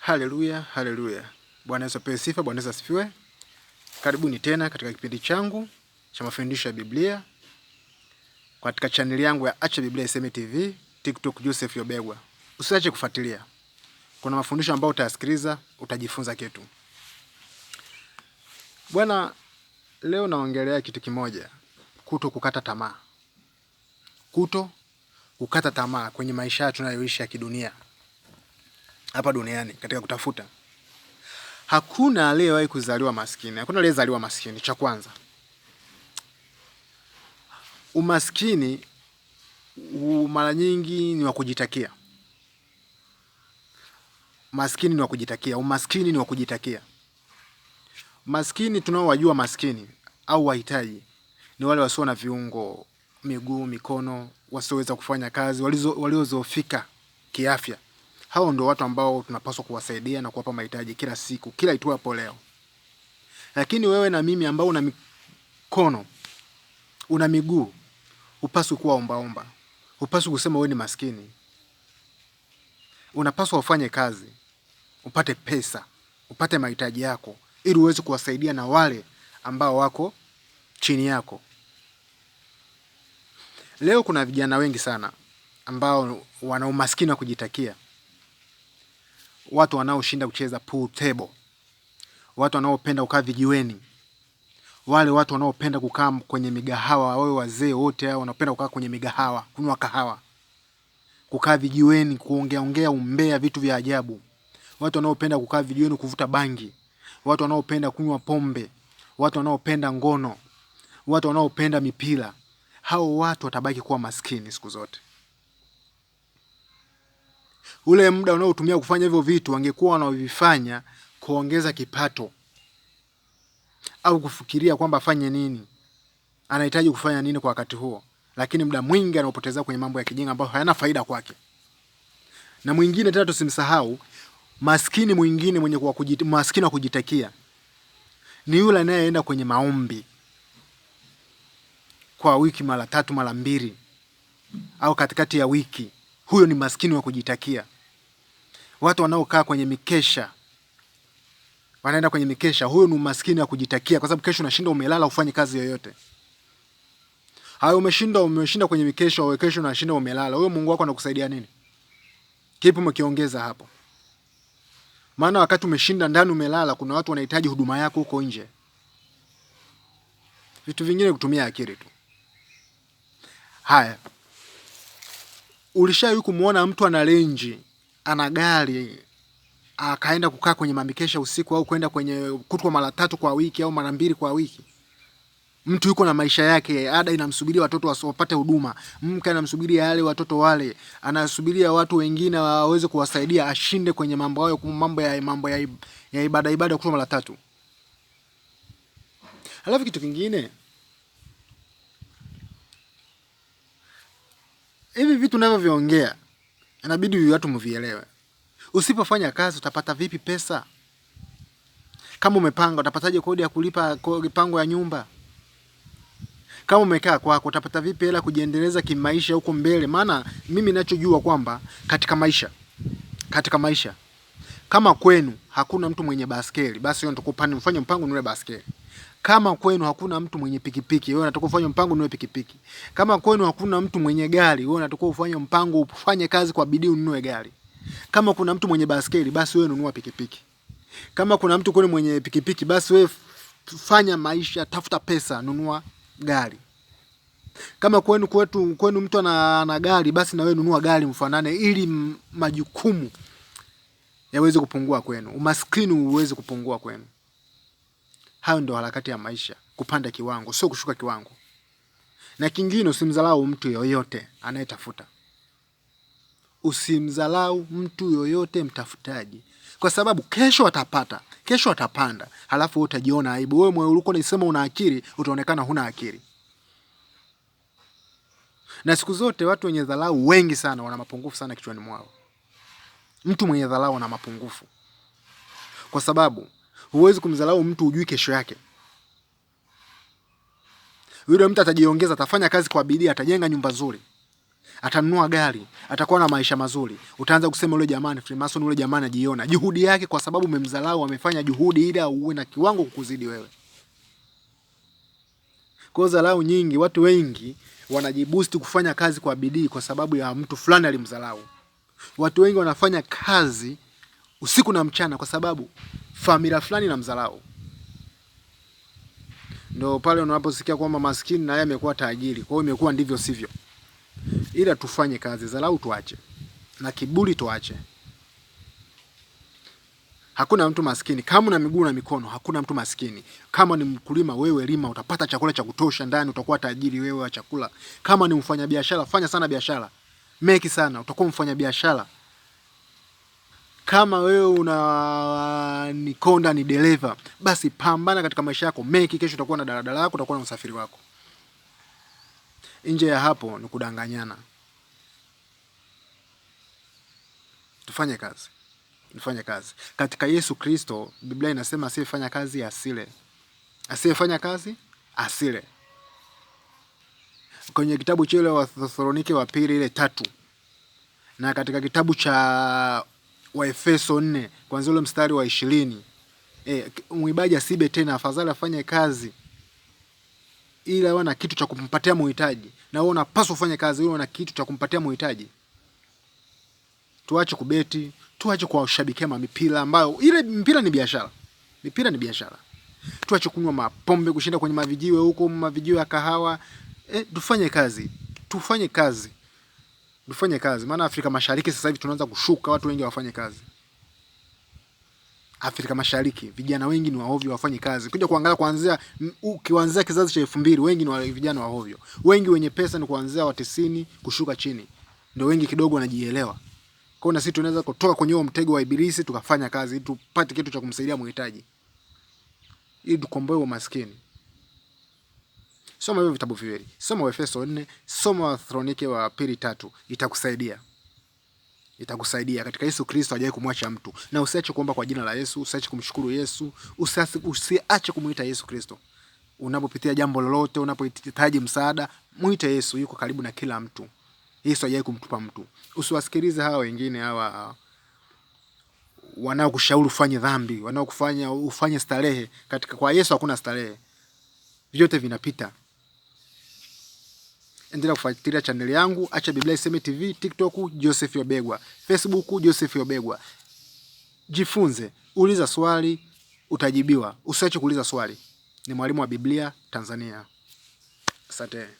Haleluya, haleluya. Bwana Yesu apewe sifa, Bwana Yesu asifiwe. Karibuni tena katika kipindi changu cha mafundisho ya Biblia katika chaneli yangu ya Acha Biblia Iseme TV, TikTok Joseph Yobegwa. Usiache kufuatilia. Kuna mafundisho ambayo utayasikiliza, utajifunza kitu. Bwana, leo naongelea kitu kimoja, kuto kukata tamaa. Kuto kukata tamaa kwenye maisha tunayoishi ya kidunia hapa duniani katika kutafuta. Hakuna aliyewahi kuzaliwa maskini, hakuna aliyezaliwa maskini. Cha kwanza, umaskini mara nyingi ni wa kujitakia. Maskini ni wa kujitakia, umaskini ni wa kujitakia. Maskini tunaowajua maskini au wahitaji ni wale wasio na viungo, miguu, mikono, wasioweza kufanya kazi, waliozofika kiafya. Hao ndio watu ambao tunapaswa kuwasaidia na kuwapa mahitaji kila siku, kila itwapo leo. Lakini wewe na mimi ambao una mikono, una miguu, upaswi kuwa ombaomba, upaswi kusema wewe ni maskini. Unapaswa ufanye kazi, upate pesa, upate mahitaji yako, ili uweze kuwasaidia na wale ambao wako chini yako. Leo kuna vijana wengi sana ambao wana umaskini wa kujitakia watu wanaoshinda kucheza pool table, watu wanaopenda kukaa vijiweni, wale watu wanaopenda kukaa kwenye migahawa, wawe wazee wote hao wanapenda kukaa kwenye migahawa, kunywa kahawa, kukaa vijiweni, kuongea ongea umbea, vitu vya ajabu, watu wanaopenda kukaa vijiweni, kuvuta bangi, watu wanaopenda kunywa pombe, watu wanaopenda ngono, watu wanaopenda mipira. Hao watu watabaki kuwa maskini siku zote ule muda unaotumia kufanya hivyo vitu wangekuwa wanavifanya kuongeza kipato au kufikiria kwamba afanye nini, anahitaji kufanya nini kwa wakati huo, lakini muda mwingi anaopoteza kwenye mambo ya kijinga ambayo hayana faida kwake. Na mwingine tena tusimsahau, maskini mwingine mwenye kwa kujit, maskini wa kujitakia ni yule anayeenda kwenye maombi kwa wiki mara tatu mara mbili au katikati ya wiki huyo ni maskini wa kujitakia. Watu wanaokaa kwenye mikesha wanaenda kwenye mikesha, huyo ni umaskini wa kujitakia, kwa sababu kesho unashinda umelala, ufanye kazi yoyote. Hayo umeshinda, umeshinda kwenye mikesha, wewe kesho unashinda umelala, huyo Mungu wako anakusaidia nini? Kipi umekiongeza hapo? Maana wakati umeshinda ndani umelala, kuna watu wanahitaji huduma yako huko nje. Vitu vingine kutumia akili tu. Haya. Ulishawahi kumwona mtu ana renji, ana gari akaenda kukaa kwenye mamikesha usiku au kwenda kwenye kutwa mara tatu kwa wiki au mara mbili kwa wiki? Mtu yuko na maisha yake, ada inamsubiria watoto wapate huduma, mke anamsubiria ale watoto wale, anasubiria watu wengine waweze kuwasaidia, ashinde kwenye mambo hayo, mambo ya mambo ya ibada ibada kutwa mara tatu. alafu kitu kingine hivi vitu navyoviongea inabidi watu mvielewe. Usipofanya kazi utapata vipi pesa? Kama umepanga utapataje kodi ya kulipa mipango ya nyumba? Kama umekaa kwako utapata vipi hela kujiendeleza kimaisha huko mbele? Maana mimi ninachojua kwamba katika maisha, katika maisha kama kwenu hakuna mtu mwenye baskeli, basi wewe ndio mfanye mpango nule baskeli. Kama kwenu hakuna mtu mwenye pikipiki, wewe unatakiwa ufanye mpango ununue pikipiki. Kama kwenu hakuna mtu mwenye gari, wewe unatakiwa ufanye mpango ufanye kazi kwa bidii ununue gari. Kama kuna mtu mwenye baskeli, basi wewe nunua pikipiki. Kama kuna mtu kwenu mwenye pikipiki, basi wewe fanya maisha, tafuta pesa, nunua gari. Kama kwenu kwetu kwenu mtu ana, na gari, basi na wewe nunua gari mfanane, ili majukumu yaweze kupungua kwenu, umaskini uweze kupungua kwenu. Hayo ndio harakati ya maisha, kupanda kiwango, sio kushuka kiwango. Na kingine, usimdharau mtu yoyote anayetafuta, usimdharau mtu yoyote mtafutaji, kwa sababu kesho atapata, kesho atapanda, halafu utajiona aibu wewe. Mwenye uliko unasema una akili, utaonekana huna akili. Na siku zote watu wenye dharau wengi sana wana mapungufu sana kichwani mwao. Mtu mwenye dharau ana mapungufu kwa sababu Huwezi kumdharau mtu ujui kesho yake. Yule mtu atajiongeza, atafanya kazi kwa bidii, atajenga nyumba nzuri, atanunua gari, atakuwa na maisha mazuri. Utaanza kusema yule jamani Freemason, yule jamani ajiona juhudi yake, kwa sababu umemdharau, amefanya juhudi ili auwe na kiwango kukuzidi wewe. Kwa dharau nyingi, watu wengi wanajibusti kufanya kazi kwa bidii kwa sababu ya mtu fulani alimdharau. Watu wengi wanafanya kazi usiku na mchana kwa sababu familia fulani na mzalao. Ndio pale unaposikia kwamba maskini na yeye amekuwa tajiri, kwa hiyo imekuwa ndivyo sivyo. Ila tufanye kazi, dharau tuache na kiburi tuache. Hakuna mtu maskini kama una miguu na mikono. Hakuna mtu maskini kama ni mkulima, wewe lima, utapata chakula cha kutosha ndani, utakuwa tajiri wewe wa chakula. Kama ni mfanyabiashara, fanya sana biashara, meki sana, utakuwa mfanyabiashara. Kama wewe una uh, konda ni dereva, basi pambana katika maisha yako meki, kesho utakuwa na daladala yako, utakuwa na usafiri wako. Nje ya hapo ni kudanganyana. Tufanye kazi, tufanye kazi katika Yesu Kristo. Biblia inasema asiyefanya kazi asile, asiyefanya kazi asile. Kwenye kitabu cha wa Wathesalonike wa pili ile tatu na katika kitabu cha wa Efeso nne kwanzia ule mstari wa ishirini e, eh, mwibaji asibe tena, afadhali afanye kazi ili awe na kitu cha kumpatia muhitaji. Na wewe unapaswa kufanya kazi ili uwe na kitu cha kumpatia muhitaji. Tuache kubeti, tuache kuwashabikia mipira ambayo ile mpira ni biashara. Mipira ni biashara. Tuache kunywa mapombe, kushinda kwenye mavijiwe huko, mavijiwe ya kahawa. E, tufanye kazi, tufanye kazi tufanye kazi, maana Afrika Mashariki sasa hivi tunaanza kushuka, watu wengi wafanye kazi. Afrika Mashariki vijana wengi ni waovyo, wafanye kazi. Kuja kuangalia kuanzia ukianzia kizazi cha 2000 wengi ni vijana waovyo, wengi wenye pesa ni kuanzia wa 90 kushuka chini, ndio wengi kidogo wanajielewa. Kwa hiyo na sisi tunaweza kutoka kwenye huo mtego wa ibilisi tukafanya kazi tupate kitu cha kumsaidia mhitaji ili tukomboe umaskini. Soma hivyo vitabu viwili, soma Waefeso nne, soma Wathesalonike wa pili tatu, itakusaidia itakusaidia katika Yesu Kristo. Hajawahi kumwacha mtu, na usiache kuomba kwa jina la Yesu, usiache kumshukuru Yesu, usiache kumuita Yesu Kristo. Unapopitia jambo lolote, unapohitaji msaada, muite Yesu, yuko karibu na kila mtu. Yesu hajawahi kumtupa mtu. Usiwasikilize hawa wengine hawa wanaokushauri ufanye dhambi, wanaokufanya ufanye starehe. Katika kwa Yesu hakuna starehe, vyote vinapita endelea kufuatilia chaneli yangu, acha Biblia Iseme TV, TikTok Joseph Yobegwa, Facebook Joseph Yobegwa. Jifunze, uliza swali utajibiwa. Usiache kuuliza swali. Ni mwalimu wa Biblia Tanzania. Asante.